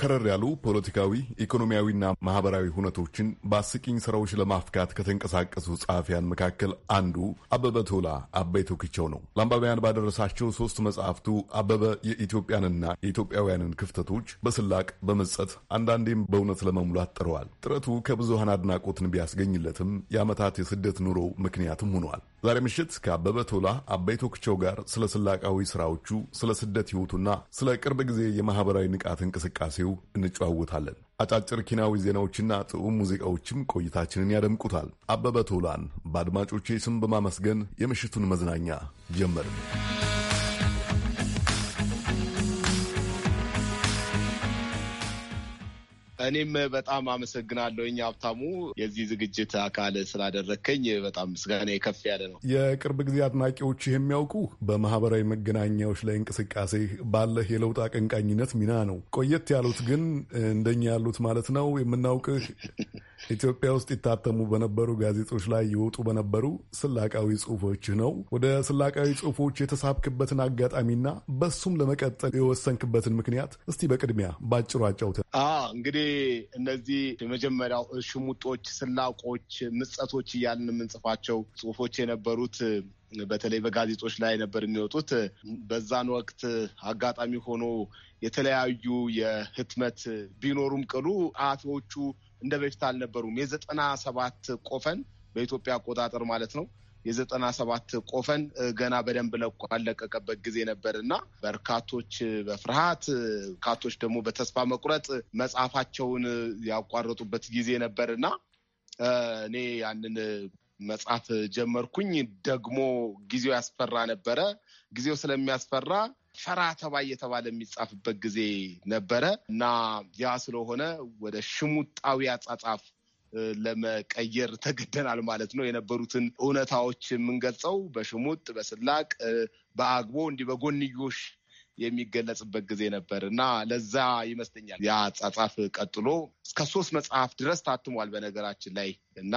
ከረር ያሉ ፖለቲካዊ፣ ኢኮኖሚያዊና ማህበራዊ ሁነቶችን በአስቂኝ ስራዎች ለማፍካት ከተንቀሳቀሱ ጸሐፊያን መካከል አንዱ አበበ ቶላ አበይ ቶክቸው ነው። ለአንባቢያን ባደረሳቸው ሶስት መጽሐፍቱ አበበ የኢትዮጵያንና የኢትዮጵያውያንን ክፍተቶች በስላቅ በመጸት አንዳንዴም በእውነት ለመሙላት ጥረዋል። ጥረቱ ከብዙሃን አድናቆትን ቢያስገኝለትም የዓመታት የስደት ኑሮ ምክንያትም ሆኗል። ዛሬ ምሽት ከአበበ ቶላ አበይት ወክቸው ጋር ስለ ስላቃዊ ስራዎቹ፣ ስለ ስደት ህይወቱና ስለ ቅርብ ጊዜ የማህበራዊ ንቃት እንቅስቃሴው እንጨዋወታለን። አጫጭር ኪናዊ ዜናዎችና ጥዑም ሙዚቃዎችም ቆይታችንን ያደምቁታል። አበበ ቶላን በአድማጮቼ ስም በማመስገን የምሽቱን መዝናኛ ጀመርን። እኔም በጣም አመሰግናለሁ። እኛ ሀብታሙ የዚህ ዝግጅት አካል ስላደረከኝ በጣም ምስጋና ከፍ ያለ ነው። የቅርብ ጊዜ አድናቂዎች የሚያውቁ በማህበራዊ መገናኛዎች ላይ እንቅስቃሴ ባለህ የለውጥ አቀንቃኝነት ሚና ነው። ቆየት ያሉት ግን እንደኛ ያሉት ማለት ነው የምናውቅህ ኢትዮጵያ ውስጥ ይታተሙ በነበሩ ጋዜጦች ላይ ይወጡ በነበሩ ስላቃዊ ጽሁፎችህ ነው። ወደ ስላቃዊ ጽሁፎች የተሳብክበትን አጋጣሚና በሱም ለመቀጠል የወሰንክበትን ምክንያት እስቲ በቅድሚያ ባጭሩ አጫውተን። እንግዲህ እነዚህ የመጀመሪያው ሽሙጦች፣ ስላቆች፣ ምጸቶች እያልን የምንጽፋቸው ጽሁፎች የነበሩት በተለይ በጋዜጦች ላይ ነበር የሚወጡት። በዛን ወቅት አጋጣሚ ሆኖ የተለያዩ የህትመት ቢኖሩም ቅሉ ጸሐፊዎቹ እንደ በፊት አልነበሩም። የዘጠና ሰባት ቆፈን በኢትዮጵያ አቆጣጠር ማለት ነው የዘጠና ሰባት ቆፈን ገና በደንብ ለቆ ያለቀቀበት ጊዜ ነበር እና በርካቶች በፍርሃት በርካቶች ደግሞ በተስፋ መቁረጥ መጽሐፋቸውን ያቋረጡበት ጊዜ ነበር እና እኔ ያንን መጽሐፍ ጀመርኩኝ። ደግሞ ጊዜው ያስፈራ ነበረ። ጊዜው ስለሚያስፈራ ፈራ ተባ እየተባለ የሚጻፍበት ጊዜ ነበረ እና ያ ስለሆነ ወደ ሽሙጣዊ አጻጻፍ ለመቀየር ተገደናል ማለት ነው። የነበሩትን እውነታዎች የምንገልጸው በሽሙጥ፣ በስላቅ፣ በአግቦ እንዲህ በጎንዮሽ የሚገለጽበት ጊዜ ነበር እና ለዛ ይመስለኛል ያ አጻጻፍ ቀጥሎ እስከ ሶስት መጽሐፍ ድረስ ታትሟል በነገራችን ላይ እና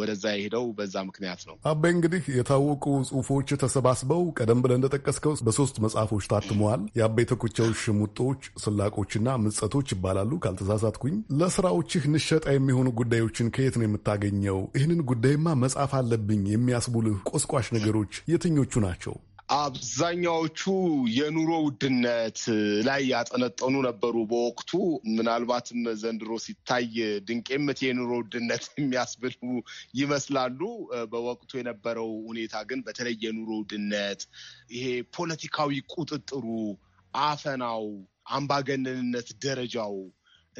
ወደዛ የሄደው በዛ ምክንያት ነው። አበይ እንግዲህ የታወቁ ጽሁፎች ተሰባስበው ቀደም ብለን እንደጠቀስከው በሶስት መጽሐፎች ታትመዋል። የአበይ ተኮቻው ሽሙጦች፣ ስላቆችና ምጸቶች ይባላሉ ካልተሳሳትኩኝ። ለስራዎችህ ንሸጣ የሚሆኑ ጉዳዮችን ከየት ነው የምታገኘው? ይህንን ጉዳይማ መጽሐፍ አለብኝ የሚያስቡልህ ቆስቋሽ ነገሮች የትኞቹ ናቸው? አብዛኛዎቹ የኑሮ ውድነት ላይ ያጠነጠኑ ነበሩ በወቅቱ። ምናልባትም ዘንድሮ ሲታይ ድንቄምት የኑሮ ውድነት የሚያስብሉ ይመስላሉ። በወቅቱ የነበረው ሁኔታ ግን በተለይ የኑሮ ውድነት፣ ይሄ ፖለቲካዊ ቁጥጥሩ፣ አፈናው፣ አምባገነንነት ደረጃው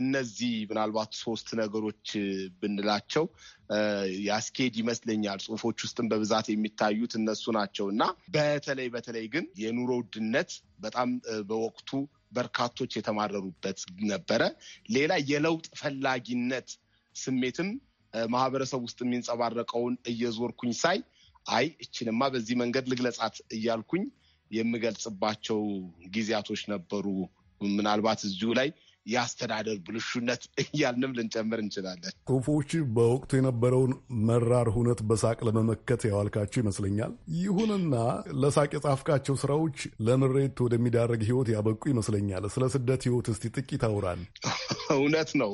እነዚህ ምናልባት ሶስት ነገሮች ብንላቸው ያስኬድ ይመስለኛል። ጽሁፎች ውስጥም በብዛት የሚታዩት እነሱ ናቸው እና በተለይ በተለይ ግን የኑሮ ውድነት በጣም በወቅቱ በርካቶች የተማረሩበት ነበረ። ሌላ የለውጥ ፈላጊነት ስሜትም ማህበረሰብ ውስጥ የሚንጸባረቀውን እየዞርኩኝ ሳይ አይ እችንማ በዚህ መንገድ ልግለጻት እያልኩኝ የምገልጽባቸው ጊዜያቶች ነበሩ። ምናልባት እዚሁ ላይ የአስተዳደር ብልሹነት እያልንም ልንጨምር እንችላለን። ክንፎዎች በወቅቱ የነበረውን መራር ሁነት በሳቅ ለመመከት ያዋልካቸው ይመስለኛል። ይሁንና ለሳቅ የጻፍካቸው ስራዎች ለምሬት ወደሚዳረግ ህይወት ያበቁ ይመስለኛል። ስለ ስደት ህይወት እስቲ ጥቂት አውራን። እውነት ነው።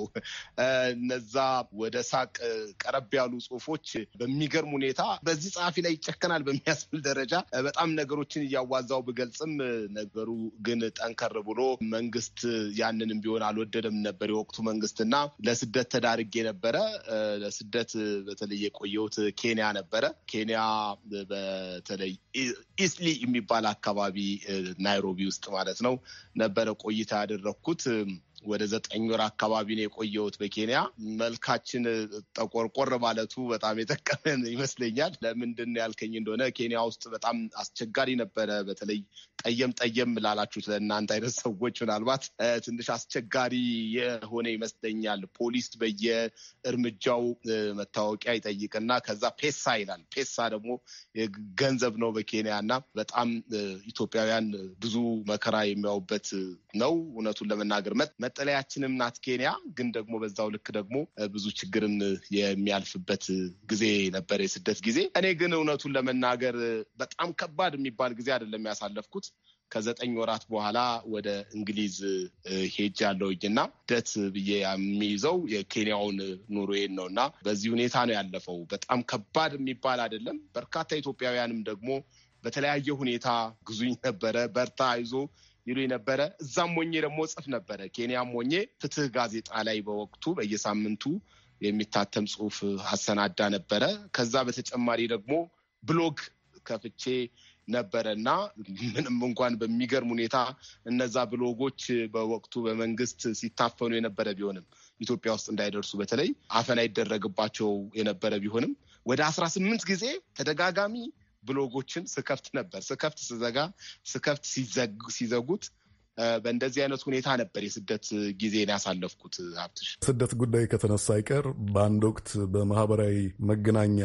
እነዛ ወደ ሳቅ ቀረብ ያሉ ጽሁፎች በሚገርም ሁኔታ በዚህ ጸሐፊ ላይ ይጨከናል በሚያስብል ደረጃ በጣም ነገሮችን እያዋዛው ብገልጽም ነገሩ ግን ጠንከር ብሎ መንግስት ያንንም ቢሆን ሊሆን አልወደደም ነበር የወቅቱ መንግስትና ለስደት ተዳርጌ ነበረ። ለስደት በተለይ የቆየሁት ኬንያ ነበረ። ኬንያ በተለይ ኢስሊ የሚባል አካባቢ ናይሮቢ ውስጥ ማለት ነው ነበረ ቆይታ ያደረግኩት። ወደ ዘጠኝ ወር አካባቢ ነው የቆየሁት በኬንያ። መልካችን ጠቆርቆር ማለቱ በጣም የጠቀመን ይመስለኛል። ለምንድን ያልከኝ እንደሆነ ኬንያ ውስጥ በጣም አስቸጋሪ ነበረ። በተለይ ጠየም ጠየም ላላችሁት ለእናንተ አይነት ሰዎች ምናልባት ትንሽ አስቸጋሪ የሆነ ይመስለኛል። ፖሊስ በየእርምጃው መታወቂያ ይጠይቅና ከዛ ፔሳ ይላል። ፔሳ ደግሞ ገንዘብ ነው በኬንያ እና በጣም ኢትዮጵያውያን ብዙ መከራ የሚያውበት ነው እውነቱን ለመናገር መ መጠለያችንም ናት ኬንያ። ግን ደግሞ በዛው ልክ ደግሞ ብዙ ችግርን የሚያልፍበት ጊዜ ነበር የስደት ጊዜ። እኔ ግን እውነቱን ለመናገር በጣም ከባድ የሚባል ጊዜ አይደለም ያሳለፍኩት። ከዘጠኝ ወራት በኋላ ወደ እንግሊዝ ሄጅ ያለውኝና ደት ብዬ የሚይዘው የኬንያውን ኑሮዬን ነው እና በዚህ ሁኔታ ነው ያለፈው። በጣም ከባድ የሚባል አይደለም። በርካታ ኢትዮጵያውያንም ደግሞ በተለያየ ሁኔታ ግዙኝ ነበረ በርታ ይዞ ይሉ ነበረ። እዛም ሞኜ ደግሞ ጽፍ ነበረ። ኬንያም ሞኜ ፍትህ ጋዜጣ ላይ በወቅቱ በየሳምንቱ የሚታተም ጽሁፍ አሰናዳ ነበረ። ከዛ በተጨማሪ ደግሞ ብሎግ ከፍቼ ነበረ እና ምንም እንኳን በሚገርም ሁኔታ እነዛ ብሎጎች በወቅቱ በመንግስት ሲታፈኑ የነበረ ቢሆንም ኢትዮጵያ ውስጥ እንዳይደርሱ በተለይ አፈና ይደረግባቸው የነበረ ቢሆንም ወደ አስራ ስምንት ጊዜ ተደጋጋሚ ብሎጎችን ስከፍት ነበር። ስከፍት ስዘጋ፣ ስከፍት ሲዘጉት በእንደዚህ አይነት ሁኔታ ነበር የስደት ጊዜን ያሳለፍኩት። ሀብትሽ ስደት ጉዳይ ከተነሳ አይቀር በአንድ ወቅት በማህበራዊ መገናኛ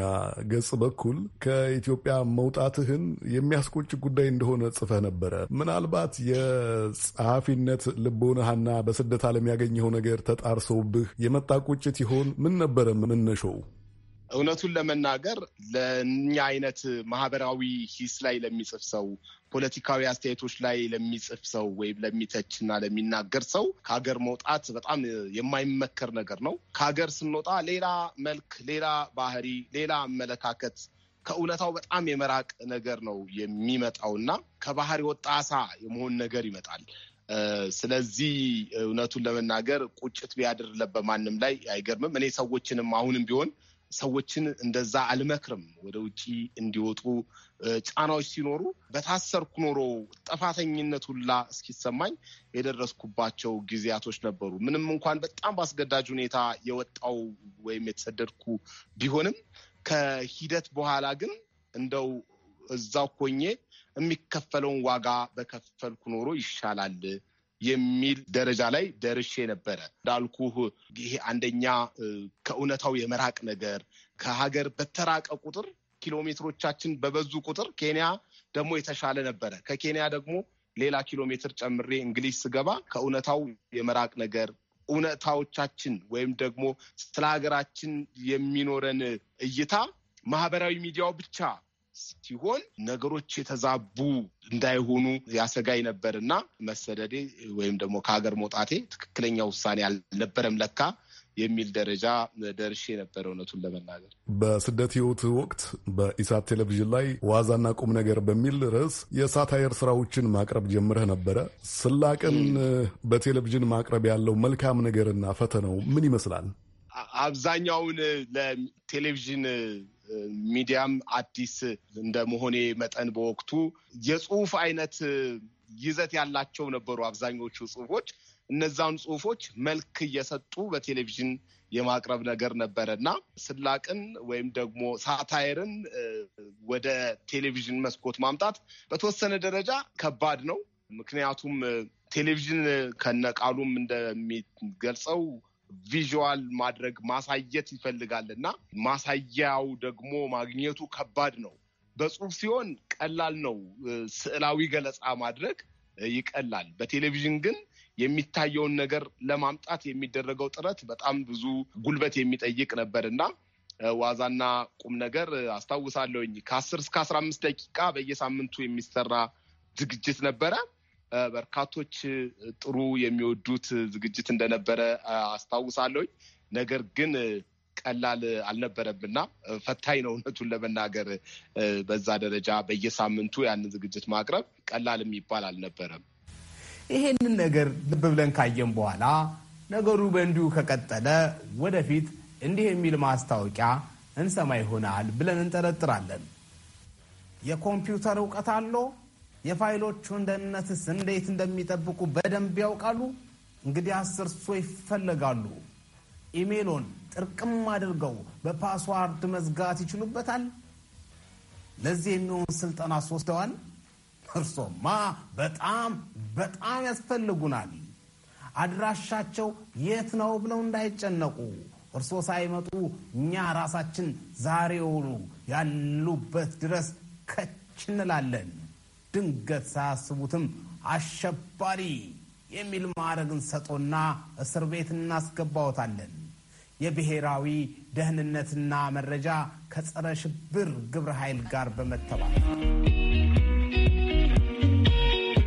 ገጽ በኩል ከኢትዮጵያ መውጣትህን የሚያስቆጭ ጉዳይ እንደሆነ ጽፈህ ነበረ። ምናልባት የጸሐፊነት ልቦናህና በስደት ዓለም ያገኘኸው ነገር ተጣርሰውብህ የመጣ ቁጭት ይሆን? ምን ነበረ መነሾው? እውነቱን ለመናገር ለእኛ አይነት ማህበራዊ ሂስ ላይ ለሚጽፍ ሰው ፖለቲካዊ አስተያየቶች ላይ ለሚጽፍ ሰው ወይም ለሚተች እና ለሚናገር ሰው ከሀገር መውጣት በጣም የማይመከር ነገር ነው። ከሀገር ስንወጣ ሌላ መልክ፣ ሌላ ባህሪ፣ ሌላ አመለካከት ከእውነታው በጣም የመራቅ ነገር ነው የሚመጣው እና ከባህር የወጣ አሳ የመሆን ነገር ይመጣል። ስለዚህ እውነቱን ለመናገር ቁጭት ቢያድር በማንም ላይ አይገርምም። እኔ ሰዎችንም አሁንም ቢሆን ሰዎችን እንደዛ አልመክርም። ወደ ውጭ እንዲወጡ ጫናዎች ሲኖሩ በታሰርኩ ኖሮ ጠፋተኝነት ሁላ እስኪሰማኝ የደረስኩባቸው ጊዜያቶች ነበሩ። ምንም እንኳን በጣም በአስገዳጅ ሁኔታ የወጣው ወይም የተሰደድኩ ቢሆንም ከሂደት በኋላ ግን እንደው እዛው ኮኜ የሚከፈለውን ዋጋ በከፈልኩ ኖሮ ይሻላል የሚል ደረጃ ላይ ደርሼ ነበረ። እንዳልኩህ ይሄ አንደኛ ከእውነታው የመራቅ ነገር ከሀገር በተራቀ ቁጥር ኪሎ ሜትሮቻችን በበዙ ቁጥር ኬንያ ደግሞ የተሻለ ነበረ። ከኬንያ ደግሞ ሌላ ኪሎ ሜትር ጨምሬ እንግሊዝ ስገባ ከእውነታው የመራቅ ነገር እውነታዎቻችን ወይም ደግሞ ስለ ሀገራችን የሚኖረን እይታ ማህበራዊ ሚዲያው ብቻ ሲሆን ነገሮች የተዛቡ እንዳይሆኑ ያሰጋኝ ነበር እና መሰደዴ ወይም ደግሞ ከሀገር መውጣቴ ትክክለኛ ውሳኔ አልነበረም ለካ የሚል ደረጃ ደርሼ የነበረ እውነቱን ለመናገር በስደት ህይወት ወቅት በኢሳት ቴሌቪዥን ላይ ዋዛና ቁም ነገር በሚል ርዕስ የሳታየር ስራዎችን ማቅረብ ጀምረህ ነበረ። ስላቅን በቴሌቪዥን ማቅረብ ያለው መልካም ነገርና ፈተናው ምን ይመስላል? አብዛኛውን ለቴሌቪዥን ሚዲያም አዲስ እንደመሆኔ መጠን በወቅቱ የጽሁፍ አይነት ይዘት ያላቸው ነበሩ አብዛኞቹ ጽሁፎች። እነዛን ጽሁፎች መልክ እየሰጡ በቴሌቪዥን የማቅረብ ነገር ነበረ እና ስላቅን ወይም ደግሞ ሳታይርን ወደ ቴሌቪዥን መስኮት ማምጣት በተወሰነ ደረጃ ከባድ ነው። ምክንያቱም ቴሌቪዥን ከነቃሉም እንደሚገልጸው ቪዥዋል ማድረግ ማሳየት ይፈልጋል እና ማሳያው ደግሞ ማግኘቱ ከባድ ነው። በጽሁፍ ሲሆን ቀላል ነው። ስዕላዊ ገለጻ ማድረግ ይቀላል። በቴሌቪዥን ግን የሚታየውን ነገር ለማምጣት የሚደረገው ጥረት በጣም ብዙ ጉልበት የሚጠይቅ ነበር እና ዋዛና ቁም ነገር አስታውሳለሁኝ ከአስር እስከ አስራ አምስት ደቂቃ በየሳምንቱ የሚሰራ ዝግጅት ነበረ። በርካቶች ጥሩ የሚወዱት ዝግጅት እንደነበረ አስታውሳለሁኝ። ነገር ግን ቀላል አልነበረምና ፈታኝ ነው። እውነቱን ለመናገር በዛ ደረጃ በየሳምንቱ ያንን ዝግጅት ማቅረብ ቀላል የሚባል አልነበረም። ይሄንን ነገር ልብ ብለን ካየን በኋላ ነገሩ በእንዲሁ ከቀጠለ ወደፊት እንዲህ የሚል ማስታወቂያ እንሰማ ይሆናል ብለን እንጠረጥራለን። የኮምፒውተር እውቀት አለው የፋይሎቹን ደህንነትስ እንዴት እንደሚጠብቁ በደንብ ያውቃሉ። እንግዲህ አስር ሶ ይፈለጋሉ። ኢሜሎን ጥርቅም አድርገው በፓስዋርድ መዝጋት ይችሉበታል። ለዚህ የሚሆን ስልጠና ሶስተዋል። እርሶማ በጣም በጣም ያስፈልጉናል። አድራሻቸው የት ነው ብለው እንዳይጨነቁ፣ እርሶ ሳይመጡ እኛ ራሳችን ዛሬውኑ ያሉበት ድረስ ከች እንላለን። ድንገት ሳያስቡትም አሸባሪ የሚል ማዕረግን ሰጦና እስር ቤት እናስገባዎታለን። የብሔራዊ ደህንነትና መረጃ ከጸረ ሽብር ግብረ ኃይል ጋር በመተባል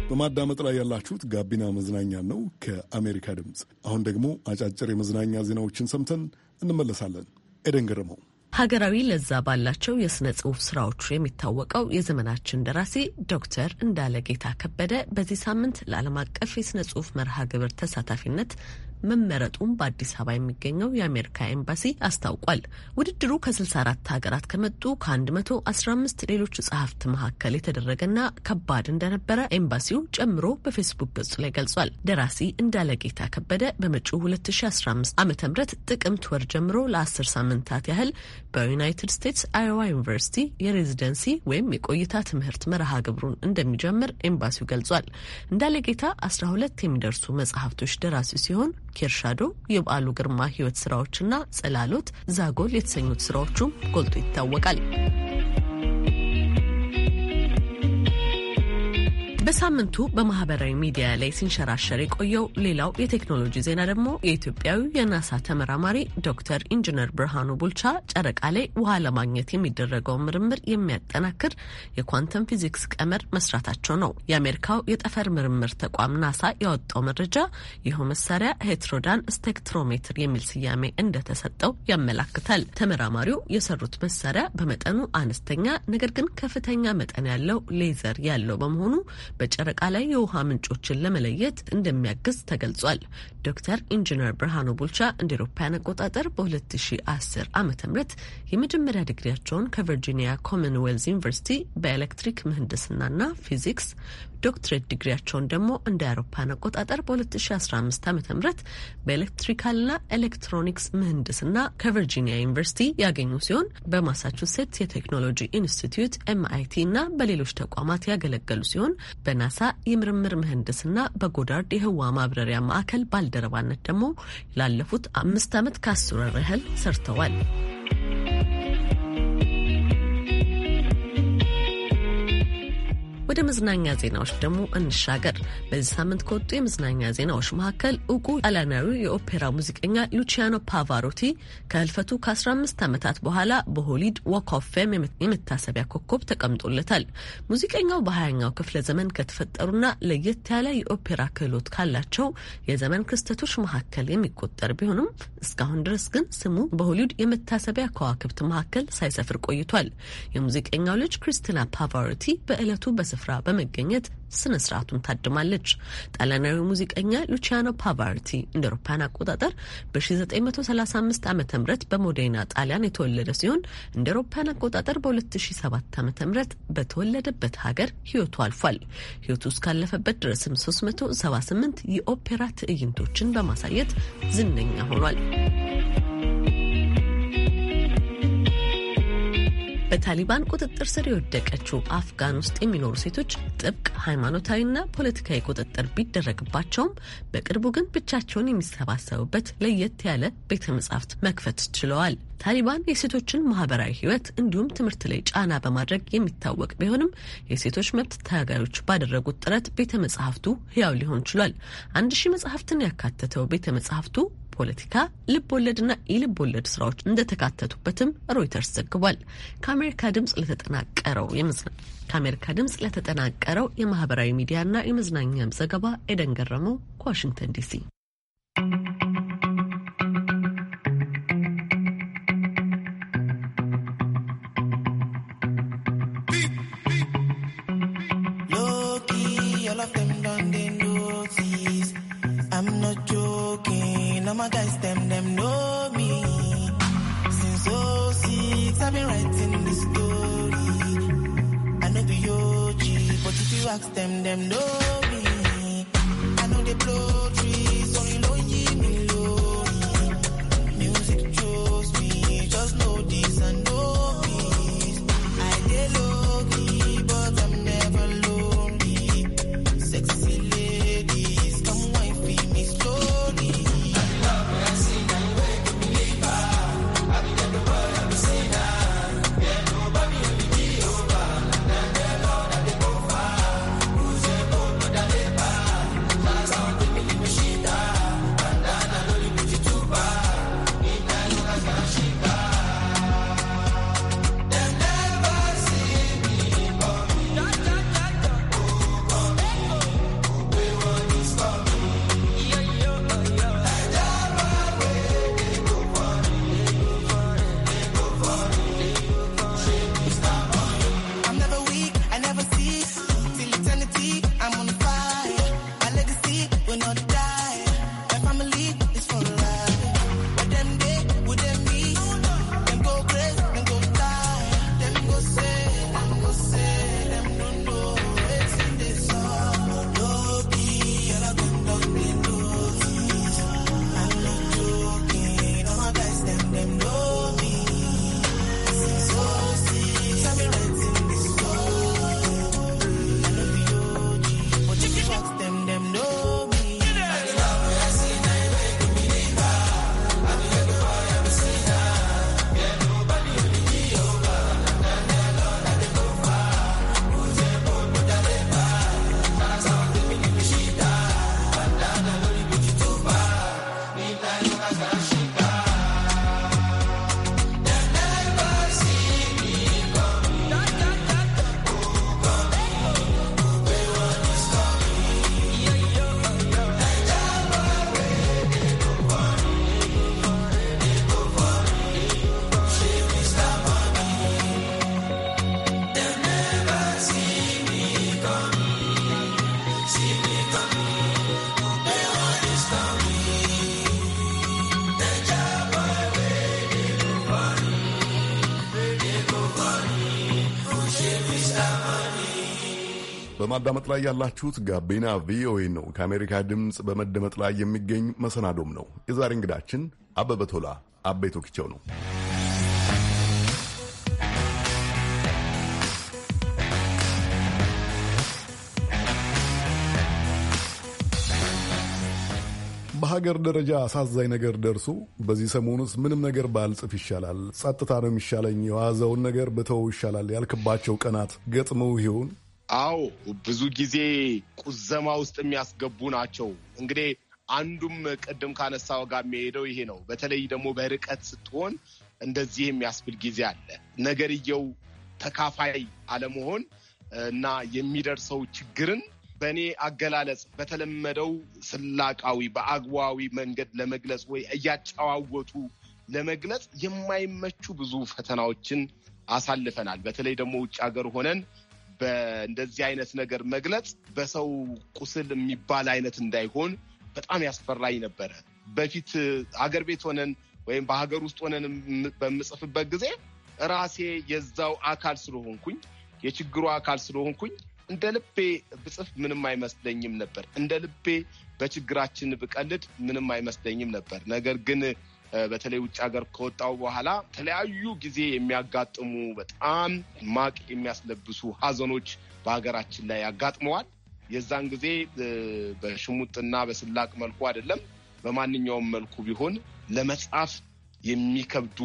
በማዳመጥ ላይ ያላችሁት ጋቢና መዝናኛ ነው ከአሜሪካ ድምፅ። አሁን ደግሞ አጫጭር የመዝናኛ ዜናዎችን ሰምተን እንመለሳለን። ኤደን ገረመው ሀገራዊ ለዛ ባላቸው የስነ ጽሁፍ ስራዎቹ የሚታወቀው የዘመናችን ደራሲ ዶክተር እንዳለጌታ ከበደ በዚህ ሳምንት ለዓለም አቀፍ የስነ ጽሁፍ መርሃ ግብር ተሳታፊነት መመረጡም በአዲስ አበባ የሚገኘው የአሜሪካ ኤምባሲ አስታውቋል። ውድድሩ ከ64 ሀገራት ከመጡ ከ115 ሌሎች ጸሐፍት መካከል የተደረገና ከባድ እንደነበረ ኤምባሲው ጨምሮ በፌስቡክ ገጹ ላይ ገልጿል። ደራሲ እንዳለጌታ ከበደ በመጪው 2015 ዓ ም ጥቅምት ወር ጀምሮ ለ10 ሳምንታት ያህል በዩናይትድ ስቴትስ አዮዋ ዩኒቨርሲቲ የሬዚደንሲ ወይም የቆይታ ትምህርት መርሃ ግብሩን እንደሚጀምር ኤምባሲው ገልጿል። እንዳለጌታ 12 የሚደርሱ መጽሐፍቶች ደራሲ ሲሆን ኬርሻዶ፣ የበዓሉ ግርማ ህይወት ስራዎችና ጸላሎት፣ ዛጎል የተሰኙት ስራዎቹም ጎልቶ ይታወቃል። በሳምንቱ በማህበራዊ ሚዲያ ላይ ሲንሸራሸር የቆየው ሌላው የቴክኖሎጂ ዜና ደግሞ የኢትዮጵያዊ የናሳ ተመራማሪ ዶክተር ኢንጂነር ብርሃኑ ቡልቻ ጨረቃ ላይ ውሃ ለማግኘት የሚደረገውን ምርምር የሚያጠናክር የኳንተም ፊዚክስ ቀመር መስራታቸው ነው። የአሜሪካው የጠፈር ምርምር ተቋም ናሳ ያወጣው መረጃ ይኸው መሳሪያ ሄትሮዳን ስፔክትሮሜትር የሚል ስያሜ እንደተሰጠው ያመላክታል። ተመራማሪው የሰሩት መሳሪያ በመጠኑ አነስተኛ ነገር ግን ከፍተኛ መጠን ያለው ሌዘር ያለው በመሆኑ በጨረቃ ላይ የውሃ ምንጮችን ለመለየት እንደሚያግዝ ተገልጿል። ዶክተር ኢንጂነር ብርሃኑ ቡልቻ እንደ ኤሮፓያን አቆጣጠር በ2010 ዓ ም የመጀመሪያ ዲግሪያቸውን ከቨርጂኒያ ኮመንዌልዝ ዩኒቨርሲቲ በኤሌክትሪክ ምህንድስናና ፊዚክስ ዶክትሬት ዲግሪያቸውን ደግሞ እንደ አውሮፓን አቆጣጠር በ2015 ዓ ም በኤሌክትሪካልና ኤሌክትሮኒክስ ምህንድስና ከቨርጂኒያ ዩኒቨርሲቲ ያገኙ ሲሆን በማሳቹሴትስ የቴክኖሎጂ ኢንስቲትዩት ኤምአይቲ እና በሌሎች ተቋማት ያገለገሉ ሲሆን በ በናሳ የምርምር ምህንድስና በጎዳርድ የህዋ ማብረሪያ ማዕከል ባልደረባነት ደግሞ ላለፉት አምስት ዓመት ከአስር ወር ያህል ሰርተዋል። ወደ መዝናኛ ዜናዎች ደግሞ እንሻገር። በዚህ ሳምንት ከወጡ የመዝናኛ ዜናዎች መካከል እውቁ ጣሊያናዊ የኦፔራ ሙዚቀኛ ሉቺያኖ ፓቫሮቲ ከህልፈቱ ከ15 ዓመታት በኋላ በሆሊድ ዋክ ኦፍ ፌም የመታሰቢያ ኮከብ ተቀምጦለታል። ሙዚቀኛው በሀያኛው ክፍለ ዘመን ከተፈጠሩና ለየት ያለ የኦፔራ ክህሎት ካላቸው የዘመን ክስተቶች መካከል የሚቆጠር ቢሆንም እስካሁን ድረስ ግን ስሙ በሆሊውድ የመታሰቢያ ከዋክብት መካከል ሳይሰፍር ቆይቷል። የሙዚቀኛው ልጅ ክሪስቲና ፓቫሮቲ በዕለቱ በስፍ ስፍራ በመገኘት ስነ ስርዓቱን ታድማለች። ጣሊያናዊ ሙዚቀኛ ሉቺያኖ ፓቫርቲ እንደ አውሮፓውያን አቆጣጠር በ1935 ዓ ም በሞዴና ጣሊያን የተወለደ ሲሆን እንደ አውሮፓውያን አቆጣጠር በ2007 ዓ ም በተወለደበት ሀገር ህይወቱ አልፏል። ህይወቱ እስካለፈበት ድረስም 378 የኦፔራ ትዕይንቶችን በማሳየት ዝነኛ ሆኗል። በታሊባን ቁጥጥር ስር የወደቀችው አፍጋን ውስጥ የሚኖሩ ሴቶች ጥብቅ ሃይማኖታዊና ፖለቲካዊ ቁጥጥር ቢደረግባቸውም በቅርቡ ግን ብቻቸውን የሚሰባሰቡበት ለየት ያለ ቤተ መጻሕፍት መክፈት ችለዋል። ታሊባን የሴቶችን ማህበራዊ ህይወት እንዲሁም ትምህርት ላይ ጫና በማድረግ የሚታወቅ ቢሆንም የሴቶች መብት ተጋጋዮች ባደረጉት ጥረት ቤተ መጻሕፍቱ ህያው ሊሆን ችሏል። አንድ ሺህ መጽሐፍትን ያካተተው ቤተ መጻሕፍቱ ፖለቲካ፣ ልብ ወለድና የልብ ወለድ ስራዎች እንደተካተቱበትም ሮይተርስ ዘግቧል። ከአሜሪካ ድምጽ ለተጠናቀረው ከአሜሪካ ድምጽ ለተጠናቀረው የማህበራዊ ሚዲያና የመዝናኛም ዘገባ ኤደን ገረመው ከዋሽንግተን ዲሲ them, them no. በማዳመጥ ላይ ያላችሁት ጋቢና ቪኦኤ ነው። ከአሜሪካ ድምፅ በመደመጥ ላይ የሚገኝ መሰናዶም ነው። የዛሬ እንግዳችን አበበ ቶላ አቤ ነው። በሀገር ደረጃ አሳዛኝ ነገር ደርሶ በዚህ ሰሞን ውስጥ ምንም ነገር ባልጽፍ ይሻላል፣ ጸጥታ ነው የሚሻለኝ፣ የዋዘውን ነገር ብተው ይሻላል ያልክባቸው ቀናት ገጥመው ይሆን? አዎ ብዙ ጊዜ ቁዘማ ውስጥ የሚያስገቡ ናቸው። እንግዲህ አንዱም ቅድም ካነሳው ጋር የሚሄደው ይሄ ነው። በተለይ ደግሞ በርቀት ስትሆን እንደዚህ የሚያስብል ጊዜ አለ። ነገርየው ተካፋይ አለመሆን እና የሚደርሰው ችግርን በእኔ አገላለጽ በተለመደው ስላቃዊ በአግባዊ መንገድ ለመግለጽ ወይ እያጫዋወቱ ለመግለጽ የማይመቹ ብዙ ፈተናዎችን አሳልፈናል። በተለይ ደግሞ ውጭ ሀገር ሆነን በእንደዚህ አይነት ነገር መግለጽ በሰው ቁስል የሚባል አይነት እንዳይሆን በጣም ያስፈራኝ ነበረ። በፊት ሀገር ቤት ሆነን ወይም በሀገር ውስጥ ሆነን በምጽፍበት ጊዜ ራሴ የዛው አካል ስለሆንኩኝ የችግሩ አካል ስለሆንኩኝ እንደ ልቤ ብጽፍ ምንም አይመስለኝም ነበር። እንደ ልቤ በችግራችን ብቀልድ ምንም አይመስለኝም ነበር። ነገር ግን በተለይ ውጭ ሀገር ከወጣው በኋላ ተለያዩ ጊዜ የሚያጋጥሙ በጣም ማቅ የሚያስለብሱ ሀዘኖች በሀገራችን ላይ ያጋጥመዋል። የዛን ጊዜ በሽሙጥና በስላቅ መልኩ አይደለም፣ በማንኛውም መልኩ ቢሆን ለመጻፍ የሚከብዱ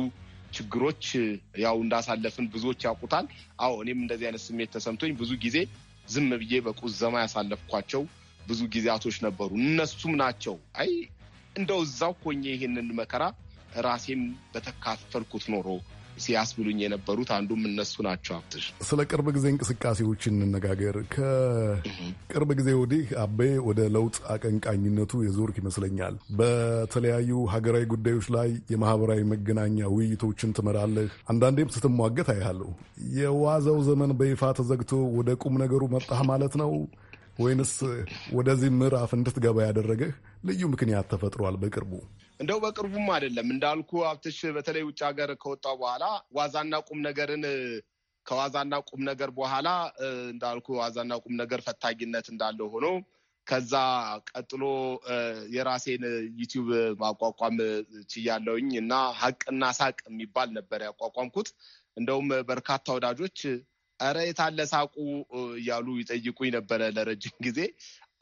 ችግሮች ያው እንዳሳለፍን ብዙዎች ያውቁታል። አዎ እኔም እንደዚህ አይነት ስሜት ተሰምቶኝ ብዙ ጊዜ ዝም ብዬ በቁዘማ ያሳለፍኳቸው ብዙ ጊዜያቶች ነበሩ። እነሱም ናቸው አይ እንደው እዛው ኮኜ ይህንን መከራ ራሴም በተካፈልኩት ኖሮ ሲያስብሉኝ የነበሩት አንዱም እነሱ ናቸው። አብትሽ ስለ ቅርብ ጊዜ እንቅስቃሴዎች እንነጋገር። ከቅርብ ጊዜ ወዲህ አቤ ወደ ለውጥ አቀንቃኝነቱ የዞርክ ይመስለኛል። በተለያዩ ሀገራዊ ጉዳዮች ላይ የማህበራዊ መገናኛ ውይይቶችን ትመራለህ፣ አንዳንዴም ስትሟገት አይሃለሁ። የዋዛው ዘመን በይፋ ተዘግቶ ወደ ቁም ነገሩ መጣህ ማለት ነው። ወይንስ ወደዚህ ምዕራፍ እንድትገባ ያደረገህ ልዩ ምክንያት ተፈጥሯል? በቅርቡ እንደው በቅርቡም አይደለም እንዳልኩ ሀብትሽ፣ በተለይ ውጭ ሀገር ከወጣ በኋላ ዋዛና ቁም ነገርን ከዋዛና ቁም ነገር በኋላ እንዳልኩ ዋዛና ቁም ነገር ፈታኝነት እንዳለው ሆኖ ከዛ ቀጥሎ የራሴን ዩቲዩብ ማቋቋም ችያለውኝ እና ሀቅና ሳቅ የሚባል ነበር ያቋቋምኩት። እንደውም በርካታ ወዳጆች ኧረ የታለ ሳቁ እያሉ ይጠይቁኝ ነበረ ለረጅም ጊዜ።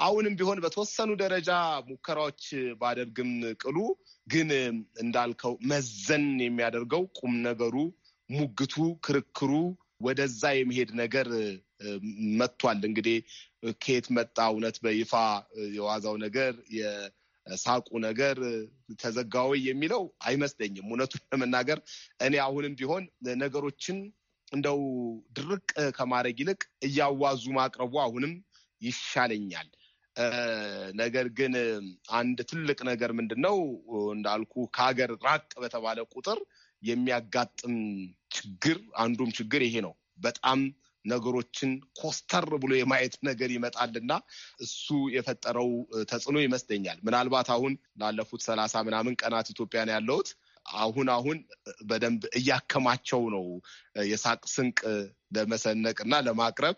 አሁንም ቢሆን በተወሰኑ ደረጃ ሙከራዎች ባደርግም ቅሉ ግን እንዳልከው መዘን የሚያደርገው ቁም ነገሩ፣ ሙግቱ፣ ክርክሩ ወደዛ የመሄድ ነገር መጥቷል። እንግዲህ ከየት መጣ እውነት በይፋ የዋዛው ነገር የሳቁ ነገር ተዘጋወይ የሚለው አይመስለኝም። እውነቱን ለመናገር እኔ አሁንም ቢሆን ነገሮችን እንደው ድርቅ ከማድረግ ይልቅ እያዋዙ ማቅረቡ አሁንም ይሻለኛል። ነገር ግን አንድ ትልቅ ነገር ምንድን ነው እንዳልኩ ከሀገር ራቅ በተባለ ቁጥር የሚያጋጥም ችግር አንዱም ችግር ይሄ ነው። በጣም ነገሮችን ኮስተር ብሎ የማየት ነገር ይመጣልና እሱ የፈጠረው ተጽዕኖ ይመስለኛል። ምናልባት አሁን ላለፉት ሰላሳ ምናምን ቀናት ኢትዮጵያ ነው ያለሁት አሁን አሁን በደንብ እያከማቸው ነው የሳቅ ስንቅ ለመሰነቅ እና ለማቅረብ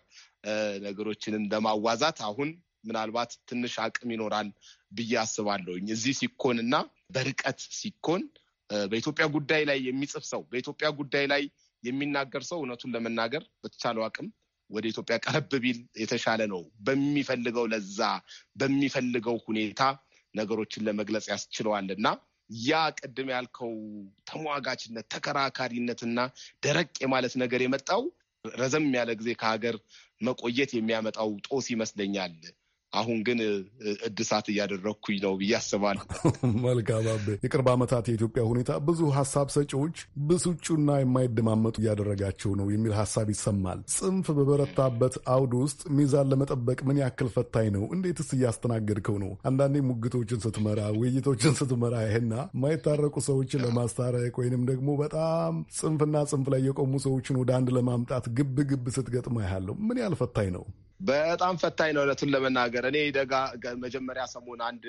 ነገሮችንም ለማዋዛት አሁን ምናልባት ትንሽ አቅም ይኖራል ብዬ አስባለሁኝ። እዚህ ሲኮን እና በርቀት ሲኮን በኢትዮጵያ ጉዳይ ላይ የሚጽፍ ሰው በኢትዮጵያ ጉዳይ ላይ የሚናገር ሰው እውነቱን ለመናገር በተቻለው አቅም ወደ ኢትዮጵያ ቀረብ ቢል የተሻለ ነው። በሚፈልገው ለዛ በሚፈልገው ሁኔታ ነገሮችን ለመግለጽ ያስችለዋል እና ያ ቅድም ያልከው ተሟጋችነት፣ ተከራካሪነትና ደረቅ የማለት ነገር የመጣው ረዘም ያለ ጊዜ ከሀገር መቆየት የሚያመጣው ጦስ ይመስለኛል። አሁን ግን እድሳት እያደረግኩኝ ነው ብዬ መልካም አቤ፣ የቅርብ ዓመታት የኢትዮጵያ ሁኔታ ብዙ ሀሳብ ሰጪዎች ብስጩና የማይደማመጡ እያደረጋቸው ነው የሚል ሀሳብ ይሰማል። ጽንፍ በበረታበት አውድ ውስጥ ሚዛን ለመጠበቅ ምን ያክል ፈታኝ ነው? እንዴትስ እያስተናገድከው ነው? አንዳንዴ ሙግቶችን ስትመራ፣ ውይይቶችን ስትመራ ይህና የማይታረቁ ሰዎችን ለማስታረቅ ወይንም ደግሞ በጣም ጽንፍና ጽንፍ ላይ የቆሙ ሰዎችን ወደ አንድ ለማምጣት ግብ ግብ ስትገጥማ ያለው ምን ያህል ፈታኝ ነው? በጣም ፈታኝ ነው። እውነቱን ለመናገር እኔ ደጋ መጀመሪያ ሰሞን አንድ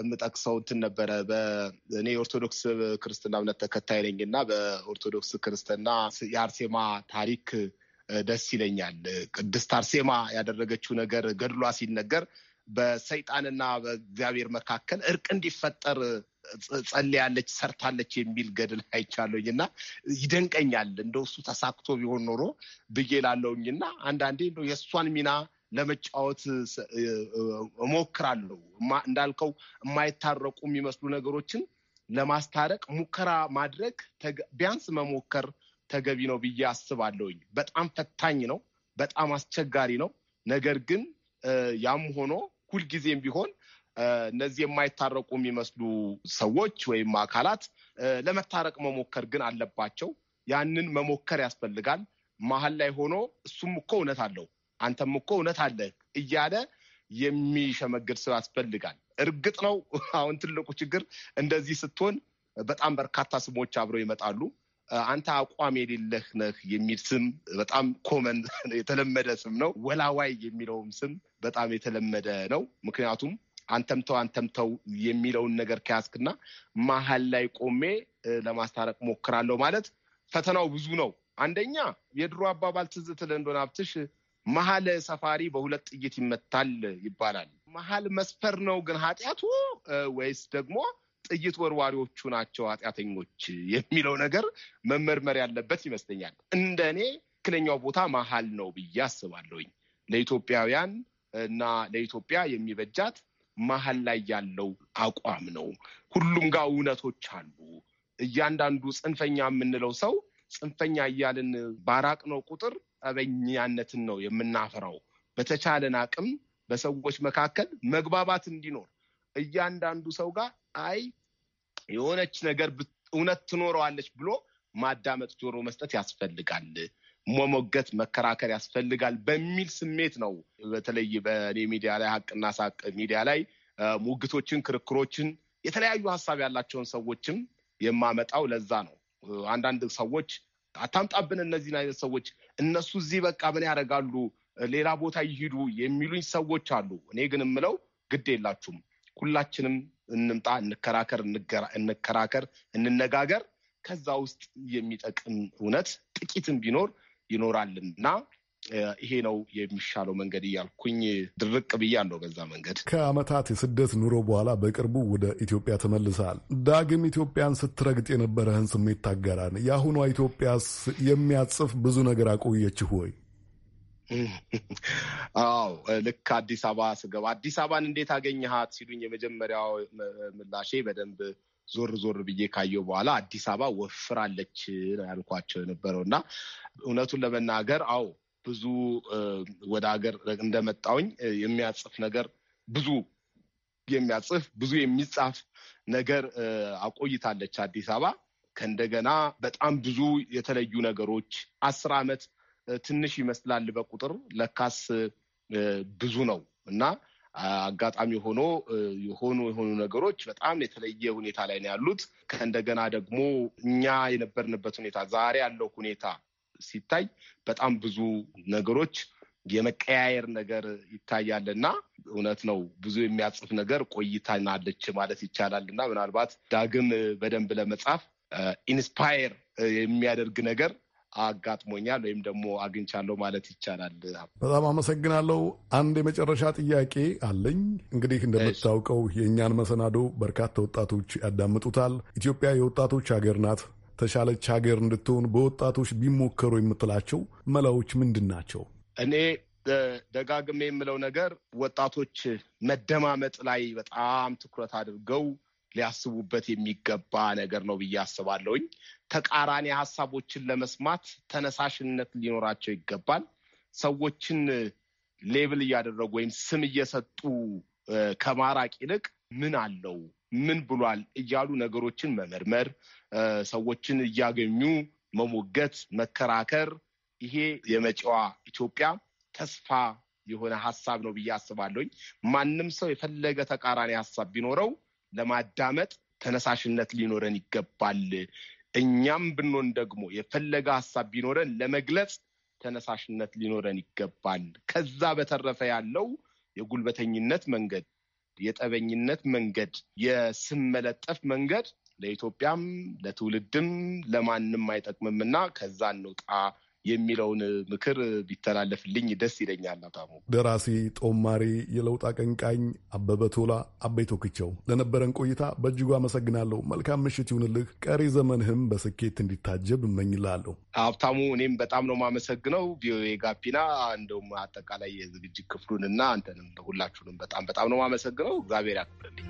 የምጠቅሰው እንትን ነበረ። እኔ የኦርቶዶክስ ክርስትና እምነት ተከታይ ነኝ እና በኦርቶዶክስ ክርስትና የአርሴማ ታሪክ ደስ ይለኛል። ቅድስት አርሴማ ያደረገችው ነገር ገድሏ ሲነገር በሰይጣንና በእግዚአብሔር መካከል እርቅ እንዲፈጠር ጸልያለች፣ ሰርታለች የሚል ገድል አይቻለኝ እና ይደንቀኛል። እንደ እሱ ተሳክቶ ቢሆን ኖሮ ብዬ ላለውኝ እና አንዳንዴ የእሷን ሚና ለመጫወት እሞክራለሁ። እንዳልከው የማይታረቁ የሚመስሉ ነገሮችን ለማስታረቅ ሙከራ ማድረግ ቢያንስ መሞከር ተገቢ ነው ብዬ አስባለሁኝ። በጣም ፈታኝ ነው፣ በጣም አስቸጋሪ ነው። ነገር ግን ያም ሆኖ ሁልጊዜም ቢሆን እነዚህ የማይታረቁ የሚመስሉ ሰዎች ወይም አካላት ለመታረቅ መሞከር ግን አለባቸው። ያንን መሞከር ያስፈልጋል። መሀል ላይ ሆኖ እሱም እኮ እውነት አለው አንተም እኮ እውነት አለህ እያለ የሚሸመግል ሰው ያስፈልጋል። እርግጥ ነው አሁን ትልቁ ችግር እንደዚህ ስትሆን በጣም በርካታ ስሞች አብረው ይመጣሉ። አንተ አቋም የሌለህ ነህ የሚል ስም በጣም ኮመን የተለመደ ስም ነው። ወላዋይ የሚለውም ስም በጣም የተለመደ ነው። ምክንያቱም አንተምተው አንተምተው የሚለውን ነገር ከያዝክና መሀል ላይ ቆሜ ለማስታረቅ ሞክራለሁ ማለት ፈተናው ብዙ ነው። አንደኛ የድሮ አባባል ትዝ እንደሆነ ሀብትሽ መሀል ሰፋሪ በሁለት ጥይት ይመታል ይባላል። መሀል መስፈር ነው ግን ኃጢአቱ ወይስ ደግሞ ጥይት ወርዋሪዎቹ ናቸው ኃጢአተኞች የሚለው ነገር መመርመር ያለበት ይመስለኛል። እንደ እኔ ትክክለኛው ቦታ መሀል ነው ብዬ አስባለሁኝ። ለኢትዮጵያውያን እና ለኢትዮጵያ የሚበጃት መሀል ላይ ያለው አቋም ነው። ሁሉም ጋር እውነቶች አሉ። እያንዳንዱ ጽንፈኛ የምንለው ሰው ጽንፈኛ እያልን ባራቅነው ቁጥር ጠበኛነትን ነው የምናፈራው። በተቻለን አቅም በሰዎች መካከል መግባባት እንዲኖር እያንዳንዱ ሰው ጋር አይ የሆነች ነገር እውነት ትኖረዋለች ብሎ ማዳመጥ፣ ጆሮ መስጠት ያስፈልጋል። መሞገት፣ መከራከር ያስፈልጋል በሚል ስሜት ነው በተለይ በእኔ ሚዲያ ላይ ሀቅና ሳቅ ሚዲያ ላይ ሙግቶችን፣ ክርክሮችን የተለያዩ ሀሳብ ያላቸውን ሰዎችም የማመጣው ለዛ ነው። አንዳንድ ሰዎች አታምጣብን እነዚህን አይነት ሰዎች እነሱ እዚህ በቃ ምን ያደርጋሉ ሌላ ቦታ ይሂዱ የሚሉኝ ሰዎች አሉ። እኔ ግን የምለው ግድ የላችሁም ሁላችንም እንምጣ፣ እንከራከር፣ እንከራከር፣ እንነጋገር። ከዛ ውስጥ የሚጠቅም እውነት ጥቂትም ቢኖር ይኖራልና ይሄ ነው የሚሻለው መንገድ እያልኩኝ ድርቅ ብያለሁ። በዛ መንገድ ከአመታት የስደት ኑሮ በኋላ በቅርቡ ወደ ኢትዮጵያ ተመልሰሃል። ዳግም ኢትዮጵያን ስትረግጥ የነበረህን ስሜት ታገራን። የአሁኗ ኢትዮጵያስ የሚያጽፍ ብዙ ነገር አቆየችህ ወይ? አዎ ልክ አዲስ አበባ ስገባ አዲስ አበባን እንዴት አገኘሃት ሲሉኝ የመጀመሪያው ምላሼ በደንብ ዞር ዞር ብዬ ካየው በኋላ አዲስ አበባ ወፍራለች ያልኳቸው የነበረው እና እውነቱን ለመናገር አዎ ብዙ ወደ ሀገር እንደመጣውኝ የሚያጽፍ ነገር ብዙ የሚያጽፍ ብዙ የሚጻፍ ነገር አቆይታለች አዲስ አበባ። ከእንደገና በጣም ብዙ የተለዩ ነገሮች አስር ዓመት ትንሽ ይመስላል በቁጥር ለካስ ብዙ ነው እና አጋጣሚ ሆኖ የሆኑ የሆኑ ነገሮች በጣም የተለየ ሁኔታ ላይ ነው ያሉት። ከእንደገና ደግሞ እኛ የነበርንበት ሁኔታ ዛሬ ያለው ሁኔታ ሲታይ በጣም ብዙ ነገሮች የመቀያየር ነገር ይታያል እና እውነት ነው ብዙ የሚያጽፍ ነገር ቆይታናለች ማለት ይቻላል እና ምናልባት ዳግም በደንብ ለመጻፍ ኢንስፓየር የሚያደርግ ነገር አጋጥሞኛል ወይም ደግሞ አግኝቻለሁ ማለት ይቻላል። በጣም አመሰግናለሁ። አንድ የመጨረሻ ጥያቄ አለኝ። እንግዲህ እንደምታውቀው የእኛን መሰናዶ በርካታ ወጣቶች ያዳምጡታል። ኢትዮጵያ የወጣቶች ሀገር ናት። ተሻለች ሀገር እንድትሆን በወጣቶች ቢሞከሩ የምትላቸው መላዎች ምንድን ናቸው? እኔ ደጋግሜ የምለው ነገር ወጣቶች መደማመጥ ላይ በጣም ትኩረት አድርገው ሊያስቡበት የሚገባ ነገር ነው ብዬ አስባለሁኝ። ተቃራኒ ሀሳቦችን ለመስማት ተነሳሽነት ሊኖራቸው ይገባል። ሰዎችን ሌብል እያደረጉ ወይም ስም እየሰጡ ከማራቅ ይልቅ ምን አለው ምን ብሏል እያሉ ነገሮችን መመርመር፣ ሰዎችን እያገኙ መሞገት፣ መከራከር ይሄ የመጪዋ ኢትዮጵያ ተስፋ የሆነ ሀሳብ ነው ብዬ አስባለሁኝ። ማንም ሰው የፈለገ ተቃራኒ ሀሳብ ቢኖረው ለማዳመጥ ተነሳሽነት ሊኖረን ይገባል። እኛም ብንሆን ደግሞ የፈለገ ሀሳብ ቢኖረን ለመግለጽ ተነሳሽነት ሊኖረን ይገባል። ከዛ በተረፈ ያለው የጉልበተኝነት መንገድ፣ የጠበኝነት መንገድ፣ የስም መለጠፍ መንገድ ለኢትዮጵያም ለትውልድም ለማንም አይጠቅምምና ከዛ እንውጣ የሚለውን ምክር ቢተላለፍልኝ ደስ ይለኛል። አታሙ ደራሲ፣ ጦማሪ፣ የለውጥ አቀንቃኝ አበበ ቶላ አቤቶ ክቸው ለነበረን ቆይታ በእጅጉ አመሰግናለሁ። መልካም ምሽት ይሁንልህ። ቀሪ ዘመንህም በስኬት እንዲታጀብ እመኝላለሁ። ሀብታሙ፣ እኔም በጣም ነው የማመሰግነው ቪኦኤ ጋቢና እንደውም አጠቃላይ የዝግጅት ክፍሉን እና አንተንም ሁላችሁንም በጣም በጣም ነው የማመሰግነው። እግዚአብሔር ያክብርልኝ።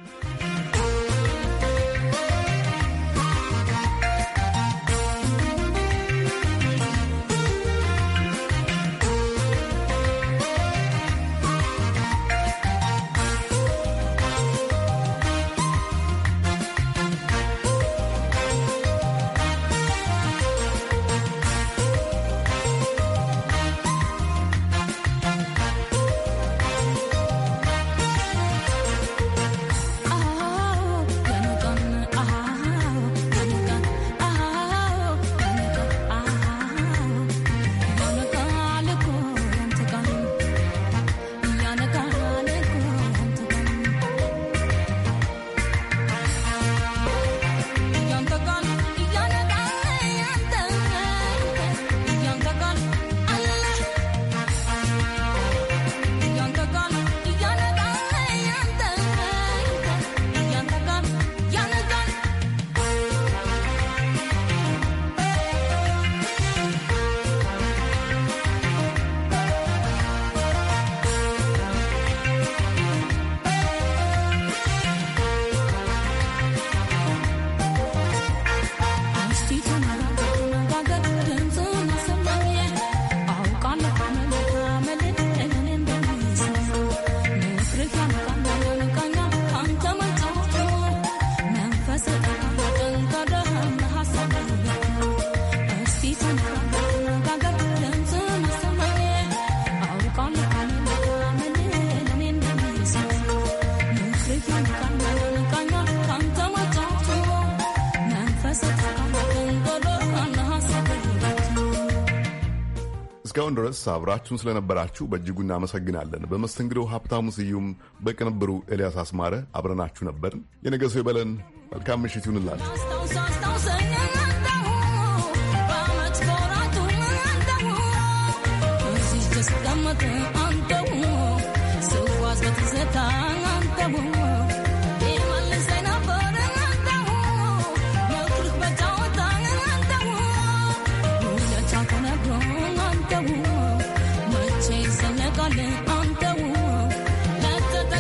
እስካሁን ድረስ አብራችሁን ስለነበራችሁ በእጅጉ እናመሰግናለን። በመስተንግዶ ሀብታሙ ስዩም፣ በቅንብሩ ኤልያስ አስማረ አብረናችሁ ነበርን። የነገ ሰው ይበለን። መልካም ምሽት ይሁንላችሁ።